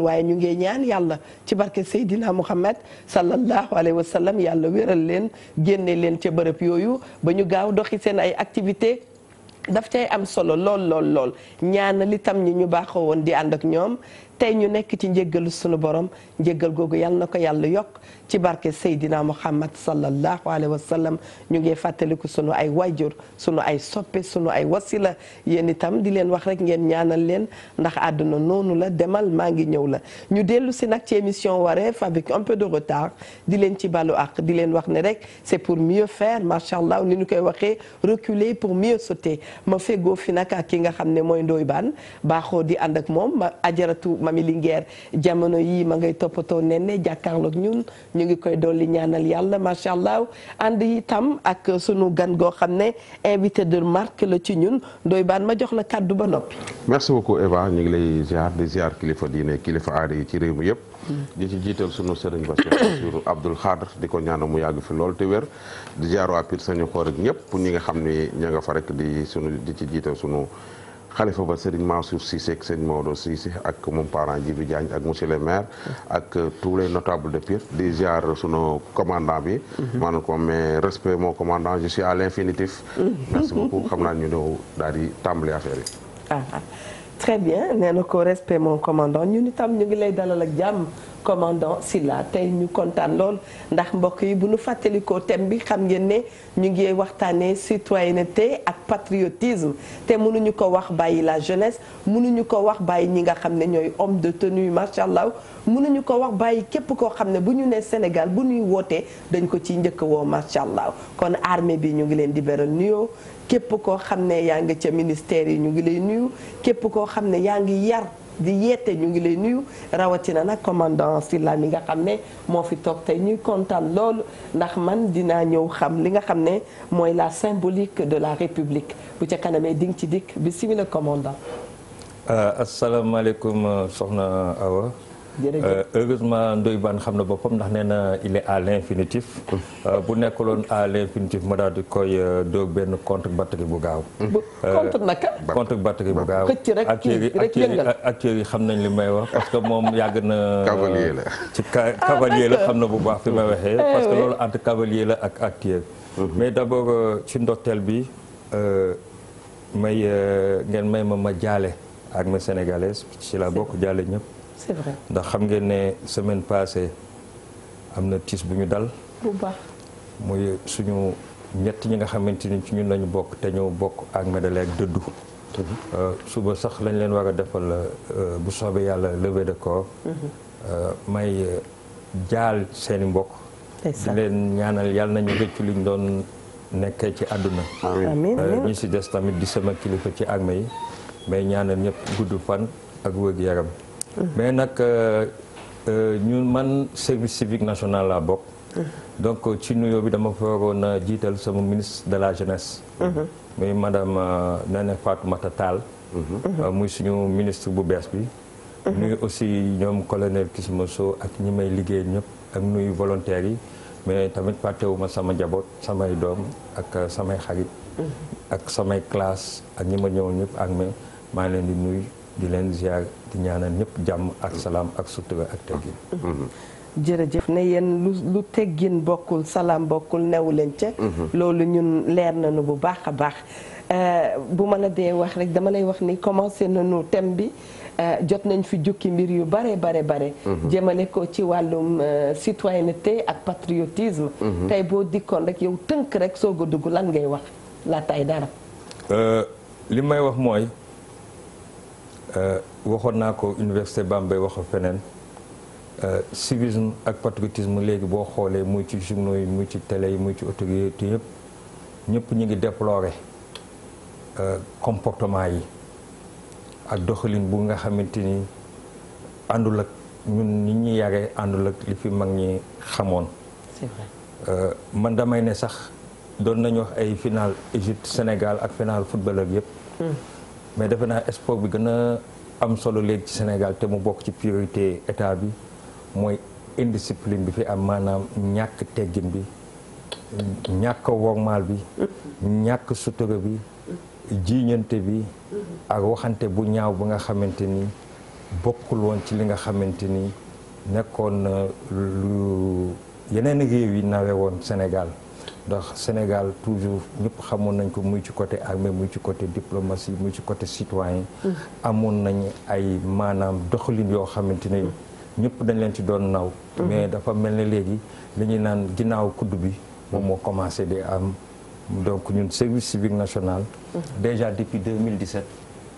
waaye ñu ngi ñaan yàlla ci barke Seydina Muhammad sallallahu alayhi wa yàlla wéral leen génne leen ca bërëb yooyu ba ñu gaaw doxi seen ay activité daf cay am solo lool lool lool ñaanal itam ñi ñu baaxoo woon di ànd ak ñoom tey ñu nekk ci njëggalu suñu borom njëggal googu yàlla na ko yàlla yokk ci barke Seydina Muhammad sallallahu alayhi wa sallam ñu ngi fàttaliku suñu ay wayjur sunu ay soppe sunu ay wasila yéen itam di leen wax rek ngeen ñaanal leen ndax àdduna noonu la demal maa ngi ñëw la ñu dellu si nag ci émission wareef avec un peu de retard di leen ci balu ak di leen wax ne rek c'est pour mieux faire macha allah ni ñu koy waxee reculer pour mieux sauter ma feggoo fi nag ki nga xam ne mooy Ndoye Bane baaxoo di ma mami Linguère jamono yii ma ngay toppatoo nenne jàkkaarloog ñun ñu ngi koy dolli ñaanal yàlla macha allah ànd itam ak sunu gan goo xam ne invité de marque la ci ñun Ndoye Bane ma jox la kàddu ba noppi. merci beaucoup Eva ñu ngi lay ziar di ziar kilifa diine kilifa aada yi ci réew mi yëpp. di ci jiital sunu sëriñ Bassirou Abdoul Khadr di ko ñaanal mu yàgg fi lool te wér di ziar waa Pire Sañu Xoor ak ñëpp ñi nga xam ni ña nga fa rek di sunu di ci jiital sunu. xalifa ba Serigne Mansour Cissé ak Serigne Maodo Cissé ak moom parent Djibi Diagne ak monsieur le maire ak tous les notables de Pire di ziar sunu commandant bi mhm. maanaam ko mais respect mon commandant je suis à l'infinitif mhm. merci beaucoup xam naa ñu daal di tàmbali affaire yi ah, ah. très bien nee na ko respect mon commandant ñu nitam ñu ngi lay dalal ak jàmm commandant Sylla tey ñu kontaan lool ndax mbokk yi bu ñu fàttalikoo thème bi xam ngeen ne ñu ngi waxtaanee citoyenneté ak patriotisme te mënuñu ko wax bàyyi la jeunesse mënuñu ko wax bàyyi ñi nga xam ne ñooy homme de tenue macha allah mënuñu ko wax bàyyi képp koo xam ne bu ñu nee Sénégal bu nuy wootee dañ ko ci njëkk woo macha allah kon armee bi ñu ngi leen di beral nuyoo képp koo xam ne yaa ngi ca ministère yi ñu ngi lay nuyu képp koo xam ne yaa ngi yar di yeete ñu ngi lay nuyu rawatina nag commandant Sylla mi nga xam ne moo fi toog tey ñuy kontaan loolu ndax man dinaa ñëw xam li nga xam ne mooy la symbolique de la république bu ca kanamee ding ci dikk bi bismillah commandant. Euh, asalaamaaleykum euh, soxna Awa. Euh, heureusement Ndoye Bane xam na boppam ndax nee na il est à l'infinitif euh, bu nekkaloon à l'infinitif ma daal di koy euh, dóor benn contre batterie bu gaaw. contre naka. contre batterie bu gaaw acteurs yi xam nañ li may wax parce que moom yàgg na. cavalier la ci cavalier la ah, xam na bu baax fi may waxee. parce que eh loolu entre cavalier la ak acteur. Mhm. mais d'abord ci ndorteel bi may ngeen may ma ma jaale ak armée sénégalaise ci la bokk jaale ñëpp. ndax xam ngeen ne semaine passée am na tiis bu ñu dal. muy suñu ñett ñi nga xamante ni ci ñun lañu bokk te ñëw bokk ak Médélé ak dëddu. Mhm. Euh, suba sax lañ leen war a defal euh, bu soobee yàlla leve de corps. Mhm. Euh, may jaal seeni mbokk. di leen ñaanal yàlla nañu rëccu liñ doon nekkee ci àdduna. amiin ñu si des tamit di sama kilifa ci armée yi may ñaanal ñëpp gudd fan ak wér yaram. mais nag euh, euh, ñun man service civique national laa bokk. donc euh, ci nuyoo bi dama foogoon a jiital sama ministre de la jeunesse. muy madame Néné Fatoumata Tall. muy suñu ministre bu bees bi. nuyu aussi ñoom colonel Kismoso ak ñi may liggéey ñëpp ak nuyu volontaires yi mais tamit fàttewuma sama njaboot samay doom ak samay xarit. ak samay classe ak ñi ma ñëw ñëpp ak ma maa leen di nuyu. di leen ziar di ñaanal ñëpp jàmm ak salaam ak sutura ak teggin jërëjëf ne yéen lu lu teggin bokkul salaam bokkul newu leen ca mhm. loolu ñun leer nañu bu baax a baax euh, bu ma la dee wax rek dama lay wax ni commencé nañu thème bi euh, jot nañ fi jukki mbir yu bare bare bare mhm. jëmale ko ci wàllum euh, citoyenneté ak patriotisme mhm. tey boo dikkoon rek yow tënk rek soog a dugg lan ngay wax laataay dara li may wax mooy Euh, waxoon naa ko université Bambey wax feneen euh, civisme ak patriotisme léegi boo xoolee muy ci journaux yi muy ci télé yi muy ci autorité yëpp ñëpp ñu ngi déplorer euh, comportement yi ak doxalin bu nga xamante ni àndul ak ñun nit ñi yaree àndul ak li fi mag ñi xamoon. c'est man damay ne sax doon nañu wax ay final Égypte Sénégal ak final footballeur yëpp. Hmm. mais defe naa sport bi gën a am solo léegi ci Sénégal te mu bokk ci priorité état bi mooy indiscipline bi fi am maanaam ñàkk teggin bi ñàkk wormaal bi ñàkk sutura bi jiiñante bi ak waxante bu ñaaw bu nga xamante ni bokkul woon ci li nga xamante ni nekkoon lu yeneen réew yi nawe woon Sénégal ndax Sénégal toujours ñëpp xamoon nañ ko muy ci côté armée muy ci côté diplomatie muy ci côté citoyen mm-hmm. amoon nañ ay maanaam doxalin yoo xamante ne ñëpp dañu leen ci doon naw mm-hmm. mais dafa mel ne léegi li ñuy naan ginnaaw kudd bi moom moo commencé di am donc ñun service civique national mm-hmm. déjà depuis 2017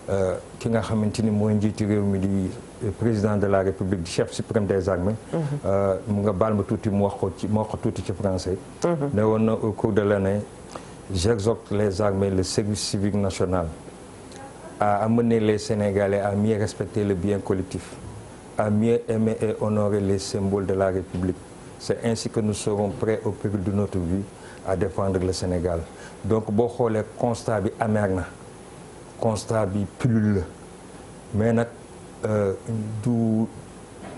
euh, ki nga xamante ni mooy njiitu réew mi di Euh, président de la république di chef suprême des armées mhm. euh, mu nga baal ma mu wax ko ci mu wax ko tuuti français mhm. ne woon au cours de l'année j'exhorte les armées le service civique national à amener les Sénégalais à mieux respecter le bien collectif à mieux aimer et honorer les symboles de la République c'est ainsi que nous serons prêts au péril de notre vie à défendre le Sénégal donc boo xoolee constat bi amer na constat bi pilule la mais nag Euh, du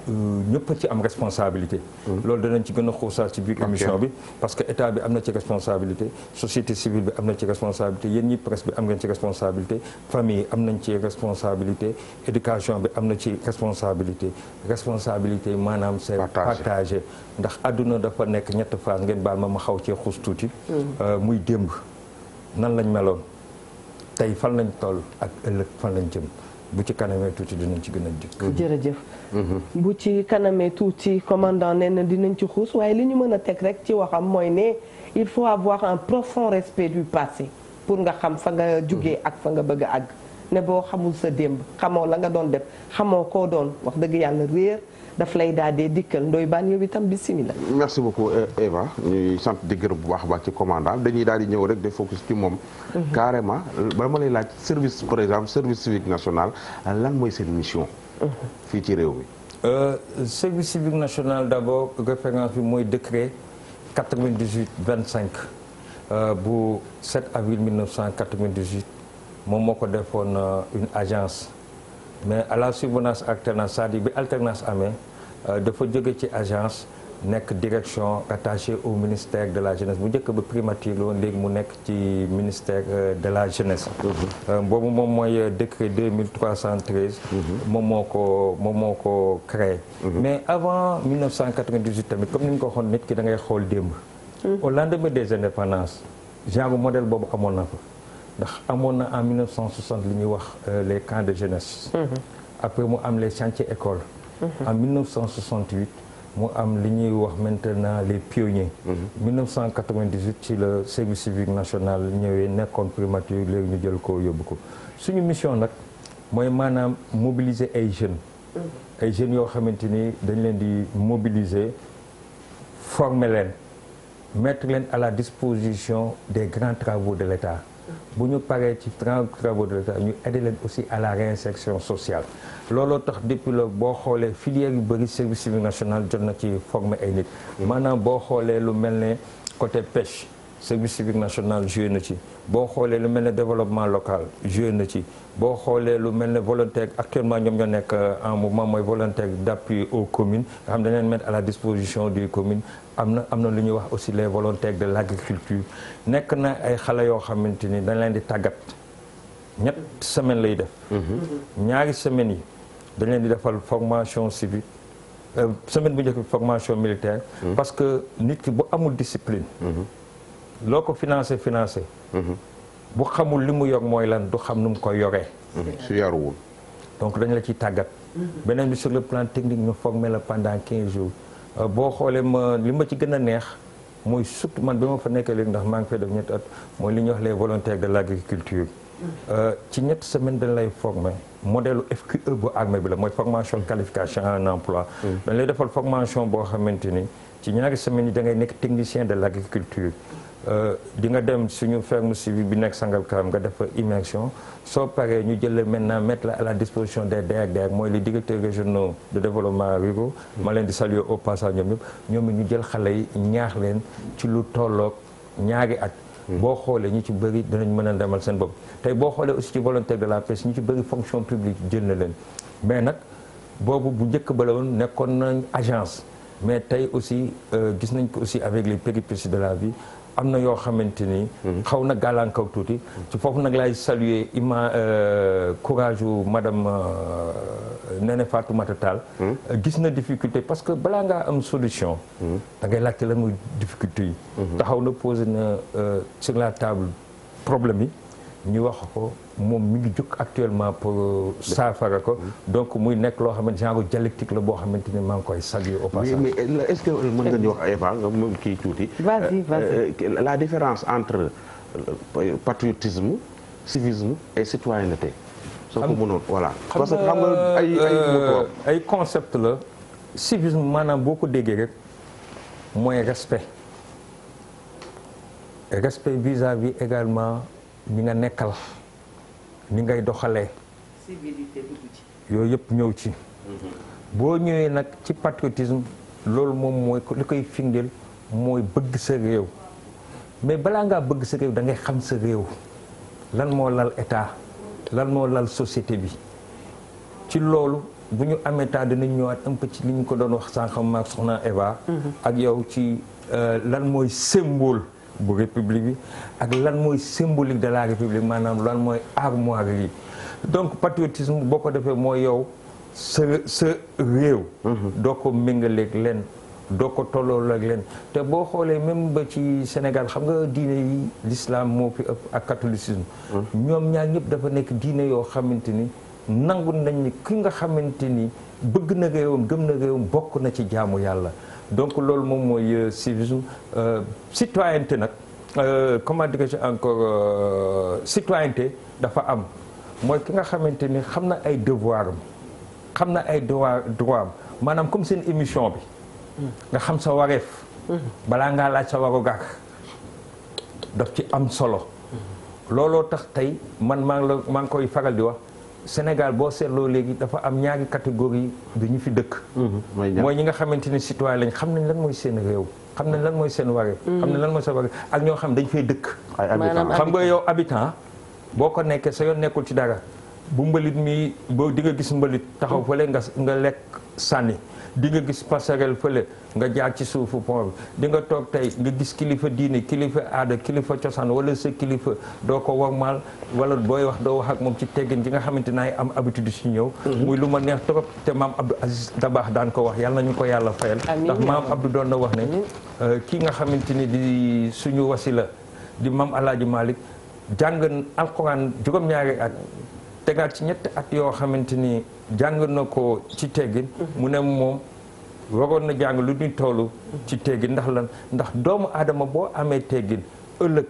euh, ñëpp ci am responsabilité. Hmm. loolu danañ ci gën a xuusaat ci biir émission bi. parce que état bi am na ci responsabilité société civile bi am na ci responsabilité yéen ñi presse bi am ngeen ci responsabilité famille am nañ ci responsabilité éducation bi am na ci responsabilité responsabilité maanaam c'est partagé ndax àdduna dafa nekk ñett phase ngeen baal ma ma xaw cee xuus tuuti. Hmm. Euh, muy démb nan lañ meloon tey fan lañ toll ak ëllëg fan lañ jëm. bu ci kanamee tuuti dinañ ci gën a jërëjëf. Mhm. bu ci kanamee tuuti commandant nee na dinañ ci xuus waaye li ñu mën a teg rek ci waxam mooy ne il faut avoir un profond respect du passé pour nga xam fa nga jugee ak fa nga bëgg a àgg ne boo xamul sa démb xamoo la nga doon def xamoo koo doon wax dëgg yàlla réer. daf lay daal di dikkal ndoy baan yow itam bisimilah. merci beaucoup euh, Eva ñuy sant di baax baax ci commandant dañuy daal di ñëw rek de focus ci moom. Mhm. carrément bala ma lay laaj service par exemple service civique national lan mooy seen mission. Mhm. fii ci réew mi. Euh, service civique national d' abord référence bi mooy décret 98 25 euh, bu 7 avril 1998 moom moo ko defoon une agence. mais à la subvenance alternance cest à bi alternance amee euh, dafa jóge ci agence nekk direction rattachée au ministère de la jeunesse bu njëkk ba primature la léegi mu nekk ci ministère euh, de la jeunesse mm-hmm. euh, boobu moom mooy décret 2313 mm-hmm. moom moo ko moom moo ko créé mm-hmm. mais avant 1998 tamit comme ni ñu ko waxoon nit ki da xool démb au lendemain des indépendances genre modèle boobu amoon na fa ndax amoon na en 1960 li ñuy wax euh, les camps de jeunesse. Mm-hmm. après mu am les chantiers écoles. Mm-hmm. en 1968 mu am li ñuy wax maintenant les pionniers. 1998 mm-hmm. ci le service civique national ñëwee nekkoon primature léegi ñu jël ko yóbbu ko suñu mission nag mooy maanaam mobiliser ay jeunes. ay jeunes yoo xamante ni dañ leen di mobiliser former leen mettre leen à la disposition des grands travaux de l'État. bu ñu paree ci travaux de l'État ñu aider leen aussi à la réinsertion sociale looloo tax depuis loolu boo xoolee filière yu bëri service civil national jot na ci former ay nit mm-hmm. maanaam boo xoolee lu mel ne côté pêche service civique national joué na ci boo xoolee lu mel ne développement local joué ci boo xoolee lu mel ne volontaire actuellement ñoom ñoo nekk euh, en mouvement mooy volontaire d'appui aux communes nga xam dañ leen mettre à la disposition des commune am na am na lu ñuy wax aussi les volontaires de l'agriculture nekk na ay xale yoo xamante ni dañ leen di tàggat ñett semaine lay def mm-hmm. ñaari semaines yi dañ leen di defal formation civique euh, semaine bu njëkk bi formation militaire mm-hmm. parce que nit ki bu amul discipline mm-hmm. loo ko financé financé mhm. bu xamul li mu yog mooy lan du xam nu mu koy yogee mhm. su yaruwul donc dañu la ciy tàggat mhm. beneen bi sur le plan technique ñu formé la pendant quinze jours euh, boo xoolee ma li ma ci gën a neex mooy surtout man bi ma fa nekk léegi ndax maa ngi fay def ñetti at mooy li ñuy wax les volontaires de l' agriculture euh, ci ñetti semaine dañ lay formé modèle FQE bu armée bi la mooy formation qualification à emploi dañ lay defal formation boo xamante ni ci ñaari semaines da ngay nekk technicien de l' agriculture Euh, di nga dem suñu ferme civique bi nekk Sangalkam nga def fa immersion soo paree ñu jël maintenant mettre la à la disposition des DRDR mooy les directeurs régionaux de développement ruraux. ma leen di saluer au passage ñoom ñëpp ñoom ñu jël xale yi ñaax leen ci lu tolloog ñaari ak hmm. boo xoolee ñu ci bëri dinañ mën a demal seen bopp. tey boo xoolee aussi ci volontaire de la presse ñu ci bëri fonction publique jël na leen mais nag boobu bu njëkk ba la nekkoon nañ agence mais tey aussi euh, gis nañ ko aussi avec les péripéties de la vie. am na yoo xamante ni. Mhm. xaw na gàllankoor tuuti. ci foofu nag laay saluer ima euh, courage u madame euh, Néné Fatoumata Tall. Mhm. Euh, gis na difficulté parce que balaa ngaa am solution. Mhm. da ngay laajte la muy difficulté yi. taxaw na posé na sur la taable problème yi. ñu wax ko moom mi ngi jóg actuellement pour euh, saafara ko donc muy nekk loo xamante genre dialectique la boo xamante ni maa ngi koy saluer au passage. mais est ce que mën nga ñu wax Eva nga moom kii tuuti. Euh, euh, la différence entre patriotisme civisme et citoyenneté. soo ko mënoon voilà. parce que xam nga ay ay ay concept la. civisme maanaam boo ko déggee rek mooy respect respect vis-à-vis également. ñi nga nekkal ni ngay doxalee yooyu yëpp ñëw ci mhm. boo ñëwee nag ci patriotisme loolu moom mooy li koy firndeel mooy bëgg sa réew mais balaa ngaa bëgg sa réew da ngay xam sa réew lan moo lal état lan moo lal société bi ci loolu bu ñu am état dinañ ñëwaat un ci li ñu ko doon wax sànq maag soxna Eva mhm. ak yow ci euh, lan mooy symbole bu république bi ak lan mooy symbolique de la république maanaam lan mooy armoire yi donc patriotisme boo ko defee mooy yow sa sa réew mm-hmm. doo ko méngaleeg leen doo ko tolloo ak leen te boo xoolee même ba ci Sénégal xam nga diine yi lislaam moo fi ëpp ak catholicisme mm-hmm. ñoom ñaar ñëpp dafa nekk diine yoo xamante ni nangu nañ ni ki nga xamante ni bëgg na réewam gëm na réewam bokk na ci jaamu yàlla donc loolu moom mooy civisme euh, euh, citoyenneté nag euh, comment dirais-je encore citoyenneté dafa am mooy ki nga xamante ni xam na ay devoir am xam na ay droit droit am maanaam comme seen émission bi nga xam sa wareef balaa ngaa laaj sa waru gar daf ci am solo looloo tax tey man maa ngi la maa ngi koy faral di wax Sénégal boo seetloo léegi dafa am ñaari bi ñu fi dëkk. Mhm. mooy ñi nga xamante ni citoyen lañ xam nañ lan mooy seen réew. xam nañ lan mooy seen wareef. Mhm. xam nañ lan mooy seen wareef ak ñoo xam dañ fay dëkk. xam nga yow habitant boo ko nekkee sa yoon nekkul ci dara. bu mbalit mi ba di nga gis mbalit taxaw fële nga nga lekk sànni di nga gis passerelle fële nga jaar ci suufu pont bi nga toog tey nga gis kilifa diine kilifa aada kilifa cosaan wala sa kilifa doo ko warmaal wala booy wax doo wax ak moom ci teggin gi nga xamante naay am habitude si ñëw mhm. muy lu ma neex trop te maam Abdou Aziz Dabaax daan ko wax yàlla nañu ko yàlla fayal ndax maam Abdou doon na wax ne euh, kii nga xamante ni di suñu wasila di maam Alaaji Malick tegaat ci ñetti at yoo xamante ni jàng na ko ci teggin mhm. mu ne moom waroon na jàng lu ñuy toll ci mhm. teggin ndax lan ndax doomu aadama boo amee teggin ëllëg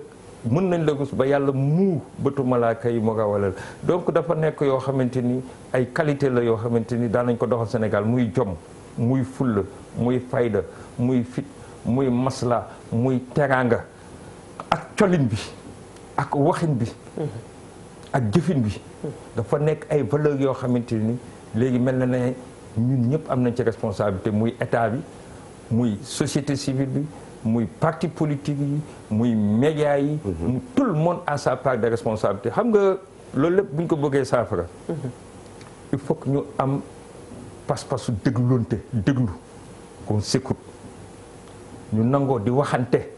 mën nañ la rus ba yàlla muu bëtu malaaka yi mu rawalal donc dafa nekk yoo xamante ni ay qualité la yoo xamante ni daan nañ ko doxal Sénégal muy jom muy fulla muy fayda muy fit muy masla muy teraanga ak colin bi ak waxin bi mhm. ak jëfin bi dafa nekk ay valeurs yoo xamante ni léegi mel na ne ñun ñëpp am nañ ci responsabilité muy état bi muy société civile bi muy parti politique yi muy média yi mhm. tout le monde a sa part de responsabilité xam nga loolu lépp bu ñu ko bëggee saafara mhm. il faut que ñu am pas-pasu dégluwante déglu qu'on s'écoute ñu nangoo di waxante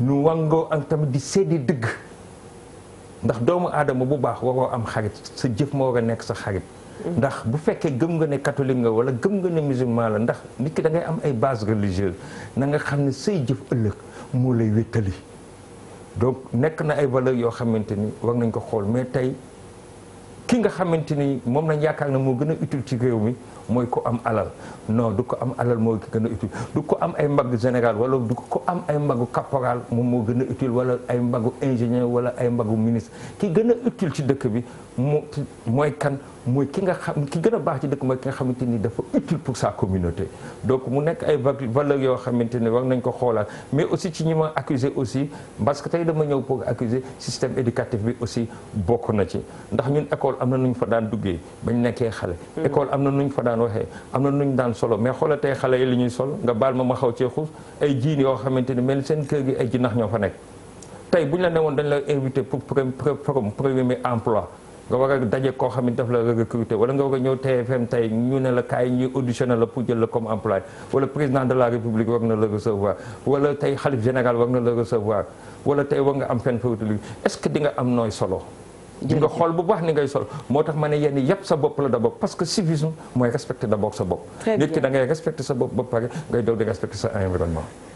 ñu wangoo ak tamit di seede dëgg ndax doomu aadama bu baax waroo am xarit sa jëf moo war nekk sa xarit. Mm-hmm. ndax bu fekkee gëm nga ne catholique nga wala gëm nga ne musulman la ndax nit ki dangay am ay base religieuse na nga xam ne say jëf ëllëg moo lay wéttali donc nekk na ay valeurs yoo xamante ni war nañ ko xool mais tey. ki nga xamante ni moom lañ yaakaar ne moo gën a utile ci réew mi mooy ko am alal non du ko am alal moo gën a utile du ko am ay mbagg général wala du ko am ay mbaggu caporal moom moo gën a utile wala ay mbaggu ingénieur wala ay mbaggu ministre ki gën a utile ci dëkk bi moo mooy kan mooy ki nga xam ki gën a baax ci dëkk mooy ki nga xamante ni dafa utile pour sa communauté donc mu nekk ay valeurs yoo xamante ne war nañ ko xoolaat mais aussi ci ñi ma accuser aussi parce que tey dama ñëw pour accuser système éducatif bi aussi bokk na ci ndax ñun école am na nuñ fa daan duggee bañ nekkee xale école am na nuñ fa daan waxee am na nuñ daan solo mais xoola tey xale yi lu ñuy sol nga baal ma ma xaw cee xuus ay jiin yoo xamante ni mel seen kër gi ay jinax ñoo fa nekk tey bu ñu la newoon dañ la invité pour premier emploi nga war a daje koo xam ne daf la recruter wala nga war a ñëw TFM tey ñu ne la kaay ñuy auditionné la pour la comme employé wala président de la république war na la recevoir wala tey xalif général war na la recevoir wala tey war nga am fenn fawtu est-ce que di nga am nooy solo di nga xool bu baax ni ngay sol moo tax ma ne yenn yëpp sa bopp la d'abord parce que civisme mooy respecter d'abord sa bopp nit ki da ngay sa bopp ba pare ngay doog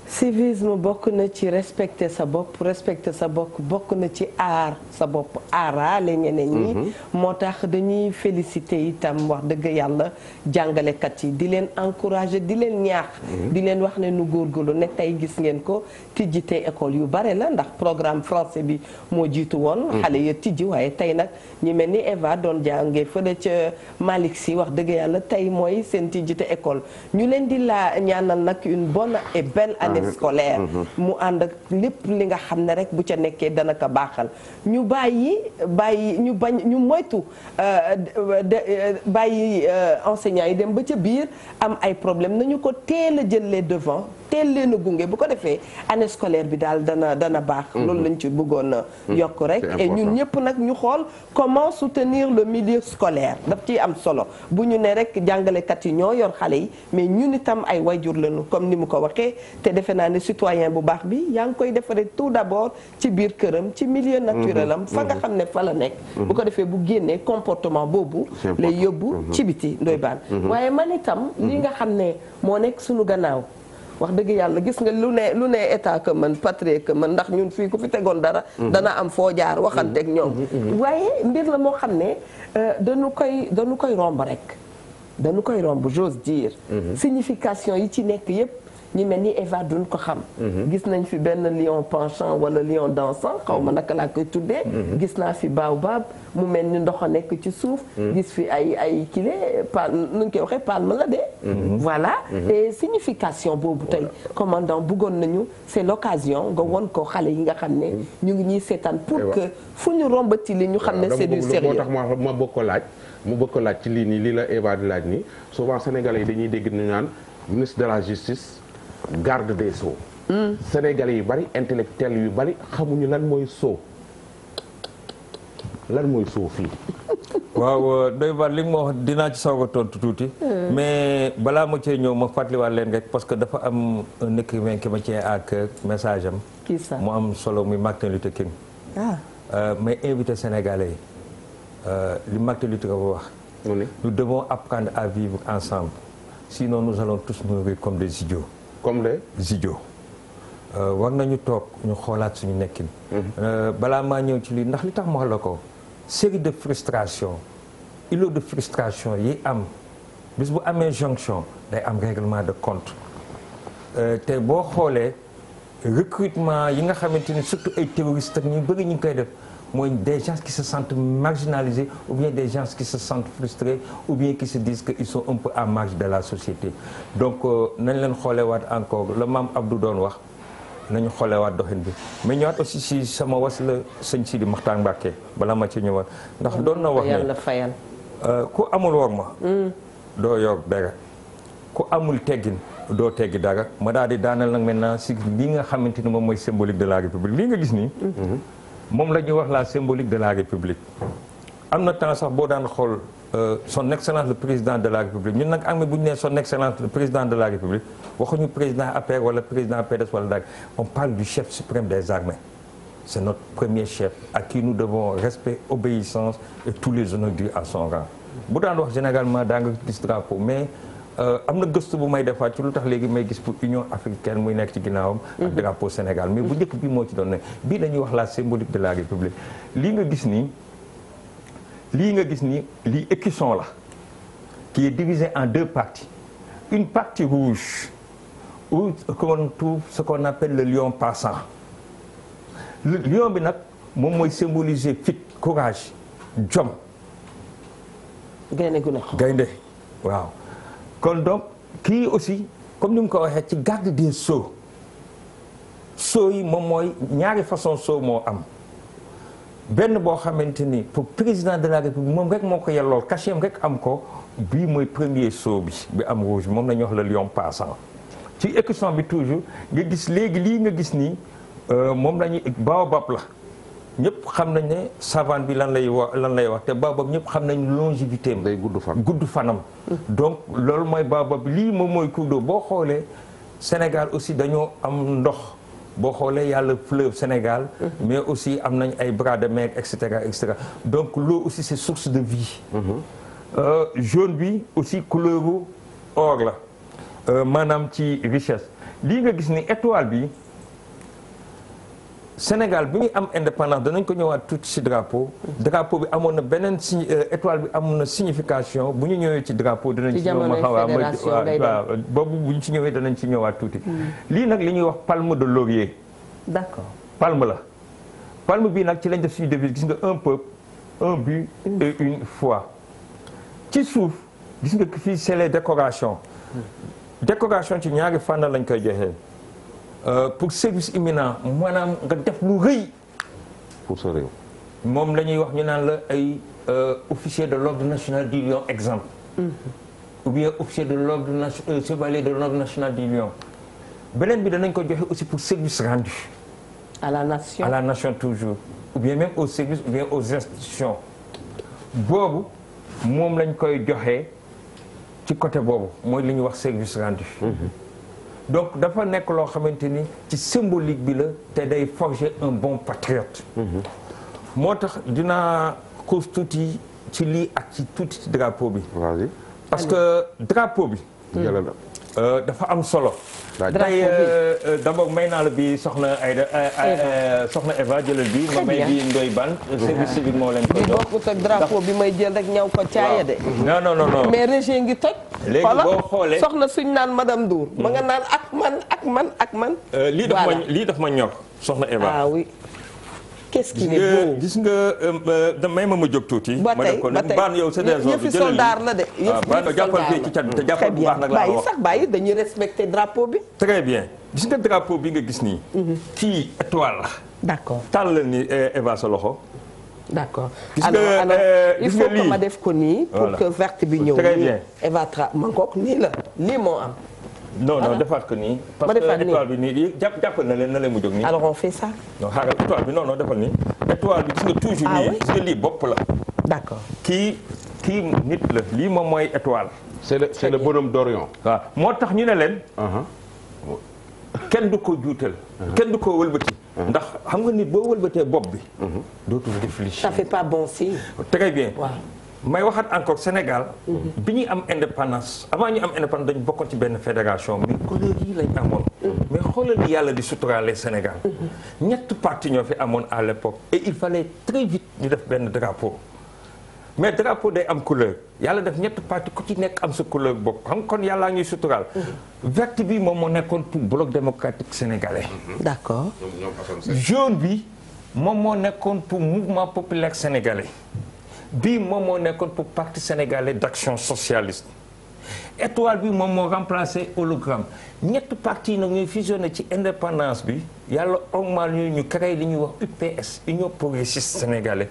civisme bokk na ci respecter sa bopp respecter sa bopp bokk na ci aar sa bopp aaraale ñeneen ñi. Mhm. moo tax dañuy féliciter itam wax dëgg yàlla jàngalekat yi di leen encourager di leen ñaax. Mhm. di leen wax ne nu lu ne tey gis ngeen ko tijji tey école yu bare la ndax programme français bi moo jiitu woon. Mhm. xale ya tijji waaye tey nag ñu mel ni Eva doon jàngee fële ca Malick si wax dëgg yàlla tey mooy seen tijji école ñu leen di la ñaanal nag une bonne année scolaire mm-hmm. mu ànd ak lépp li nga xam ne rek bu ca nekkee dana ko baaxal ñu bàyyi bàyyi ñu bañ ñu moytu euh, euh, bàyyi euh, enseignants yi dem ba ca biir am ay problème nañu ko teel a jël les devant teel leen gunge bu ko defee année scolaire bi daal dana dana baax. Mhm. loolu lañ ci bëggoon a mhm. yokk rek. et ñun ñëpp nag ñu xool comment soutenir le milieu scolaire daf ciy am solo bu ñu ne rek jàngalekat yi ñoo yor xale yi mais ñun itam ay wayjur lañu comme ni mu ko waxee te defe naa ne citoyen bu baax bi yaa ngi koy defaree tout d'abord ci biir këram ci milieu naturel am. Mhm. fa nga xam ne fa la nekk. bu ko defee bu génnee comportement boobu. lay yóbbu ci biti ndoy baan waaye man itam li nga xam ne moo nekk sunu gannaaw. wax dëgg yàlla gis nga lu ne lu ne état que man patrie que man ndax ñun fii ku fi tegoon dara. Mhm. dana am foo jaar waxanteeg ñoom. Mhm, mhm, waaye mbir la moo xam ne euh, dañu koy dañu koy romb rek. dañu koy romb j'ose dire. signification yi ci nekk yépp ñi mel ni Eva duñ ko xam mhm. gis nañ fi benn lion penchant wala lion dansant xaw ma naka laa koy tuddee mhm. gis naa fi baobab mu mel ni ndox a nekk ci suuf mhm. gis fi ay ay kile pal nu ñu koy waxee palme la de voilà et signification boobu tey commandant bëggoon nañu c'est l'occasion nga won ko xale yi nga xam ne ñu ngi ñuy seetaan pour que fu ñu rombati li ñu xam ne c'est du sérieux moo tax ma bëgg ko laaj mu bëgg ko laaj ci lii nii lii la Eva di laaj nii souvent sénégalais yi dañuy dégg ñu naan ministre de la justice garde des sceaux. Hmm. Sénégalais yu bari intellectuel yu bari xamuñu lan mooy so lan mooy sceau fii. waaw euh, doy waar li nga ma dinaa ci soog a tontu tuuti. Hmm. mais balaa ma cee ñëw ma fàttaliwaat leen rek parce que dafa am un écrivain qui ma cee ak message am. mu am solo muy Martin Luther King. Ah. Euh, mais invité Sénégalais yi euh, li Martin Luther King wax. nous devons apprendre à vivre ensemble sinon nous allons tous mourir comme des idiots. comme les studios. Euh, war nañu toog ñu xoolaat suñu nekkin. Mm-hmm. Euh, balaa maa ñëw ci lii ndax li tax ma la ko série de frustration ilo de frustration yi am bis bu amee jonction day am règlement de compte euh, te boo xoolee recrutement yi nga xamante ni surtout ay terroristes ak ñu bëri ñu ngi koy def. mooy des gens qui se sentent marginalisés ou bien des gens qui se sentent frustrés ou bien qui se disent qu'ils sont un peu à marge de la société donc euh, nañ leen xoolewaat encore le maam Abdou doon wax nañu waat doxin bi mais ñëwaat aussi si sama was la sëñ Sidi Maxtaar Mbàkke balaa ma ci ñëwaat ndax doon na wax ne fayal euh, ku amul war ma mm. doo yor dara ku amul teggin doo teggi dara ma daa di daanal nag maintenant si li nga xamante ni moom mooy symbolique de l république li gis nii mm-hmm. moom la ñuy wax la symbolique de la république am na temps sax boo daan xool euh, son excellence le président de la république ñun nag armée bu ñu nee son excellence le président de la république waxuñu président APR wala wala daal on parle du chef suprême des armées c'est notre premier chef à qui nous devons respect obéissance et tous les honneurs dus à son rang bu daan wax généralement daa nga gis drapeau mais Euh, am na gëstu bu may defaat ci lu tax léegi may gis pour Union africaine muy nekk ci ginnaawam. ak mhm. drapeau Sénégal mais bu njëkk bi moo ci doon ne bi dañuy wax la symbolique de la République lii nga gis nii lii nga gis nii lii écusson la qui est divisé en deux parties une partie rouge où on trouve ce qu'on appelle lion passant lion bi nag moom mooy symboliser fit courage jom gaynde gu ne gaynde waaw kon donc kii aussi comme ni mu ko waxee ci garde des sceaux so yi moom mooy ñaari façon sceaux moo am benn boo xamante ni pour président de la république moom rek moo ko yellool cachet rek am ko bii mooy premier sceau bi bi am rouge moom la ñuy wax le lion passant ci écusson bi toujours nga gis léegi lii nga gis nii euh, moom la ñuy baobab la ñëpp xam nañ ne savane bi lan lay wax lan lay wax te baobab ñëpp xam nañ longévité am day gudd fan gudd fanam donc loolu mooy baobab lii moom mooy cours d'eau boo xoolee Sénégal aussi dañoo am ndox boo xoolee yàlla fleuve Sénégal mais aussi am nañ ay bras de mer et et cetera donc l'eau aussi c'est source de vie mhm. euh, jaune bi aussi couleur or la euh, maanaam ci richesse lii nga gis ni étoile bi Sénégal bi muy am indépendance danañ ko ñëwaat tuuti ci drapeau drapeau bi amoon na beneen si euh, étoile bi amoon na signification bu ñu ñëwee ci drapeau danañ ci ñëw ma xaw a boobu bu ñu ci ñëwee danañ ci ñëwaat tuuti hmm. lii nag li ñuy wax palme de laurier d'accord palme la palm bii nag ci lañ def suñu devise gis nga un peuple un but et une foi ci suuf gis nga fii c'est les décorations hmm. décoration ci ñaari fànn lañ koy joxee Euh, pour service imminent maanaam nga def lu rëy. pour moom la ñuy wax ñu naan la ay euh, officier de l'ordre national du Lion exemple. Mm-hmm. ou bien officier de l'ordre national euh, chevalier de l'ordre national du Lion. beneen bi danañ ko joxe aussi pour service rendu. à la nation la nation toujours. ou bien même au service ou bien aux institutions. boobu moom lañ koy joxe ci côté boobu mooy li ñuy wax service rendu. Mm-hmm. donc dafa nekk loo xamante ni ci symbolique bi la te day forger un bon patriote mm-hmm. moo tax dinaa xuus tuuti ci lii ak ci tuuti ci drapeau bi parce que drapeau bi Euh, dafa am solo. tey euh, euh, d'abord may naa la bi soxna Aida. soxna Eva jëlal bi ma may bi Ndoye Ban. service civique moo leen ko jox. bi ma ak drapeau bi may jël rek ñaw ko caaya de. non ngi toj. léegi boo xoolee soxna suñ naan madame Dour. ma nga mm-hmm. naan ak man ak man ak man. lii daf ma lii daf ma ñor soxna Eva. ah qu'est-ce qu'il est beau gis nga euh, euh, ma ma jóg tuuti. ba tey ba tey baan yow c'est des yëfi soldaar la de. yëfi soldaar la jàppal fii ci cat te jàppal bu baax nag bi. très bien gis nga drapeau bi nga gis nii. Mhm. kii étoile la. d'accord tàllal ni euh, Eva sa loxo. d'accord alors alors il faut que ma def ko nii. pour que verte bi ñëw nii. très bien Eva Tra man kook nii la lii moo am. non non defaat ko nii. parce que étoile bi nii jàpp jàppal na leen na leen mu jóg nii. alors on fait ça. non xaaral étoile bi non non defal nii. étoile bi gis nga toujours. ah oui lii bopp la. d'accord kii kii nit la lii moom mooy étoile. c'est le c'est le bonhomme moo tax ñu ne leen. Uh-huh. kenn du ko juutal. Uh-huh. kenn du ko wëlbati. Uh-huh. ndax xam nga nit boo wëlbatee bopp bi. dootul réfléchir. ça fait pas bon signe. très bien may waxaat encore Sénégal. bi ñuy am indépendance avant ñu am indépendance dañu bokkoon ci benn fédération mais couleur yi lañ amoon. mais xoolal yàlla di suturaale Sénégal. ñett parti ñoo fi amoon à l'époque et il fallait très vite ñu def benn drapeau. mais drapeau day am couleur yàlla def ñett parti ku ci nekk am sa couleur bokk xam kon yàllaa ñuy suturaal. verte bi moom moo nekkoon pour bloc démocratique sénégalais. d'accord jaune bi moom moo nekkoon pour mouvement populaire sénégalais. bii moom moo nekkoon pour parti sénégalais d'action socialiste étoile bi moom moo remplacé hologramme ñett parti yi nag ñooy fusionné ci indépendance bi yàlla ormal ñu ñu créé li ñuy wax UPS union progressiste sénégalais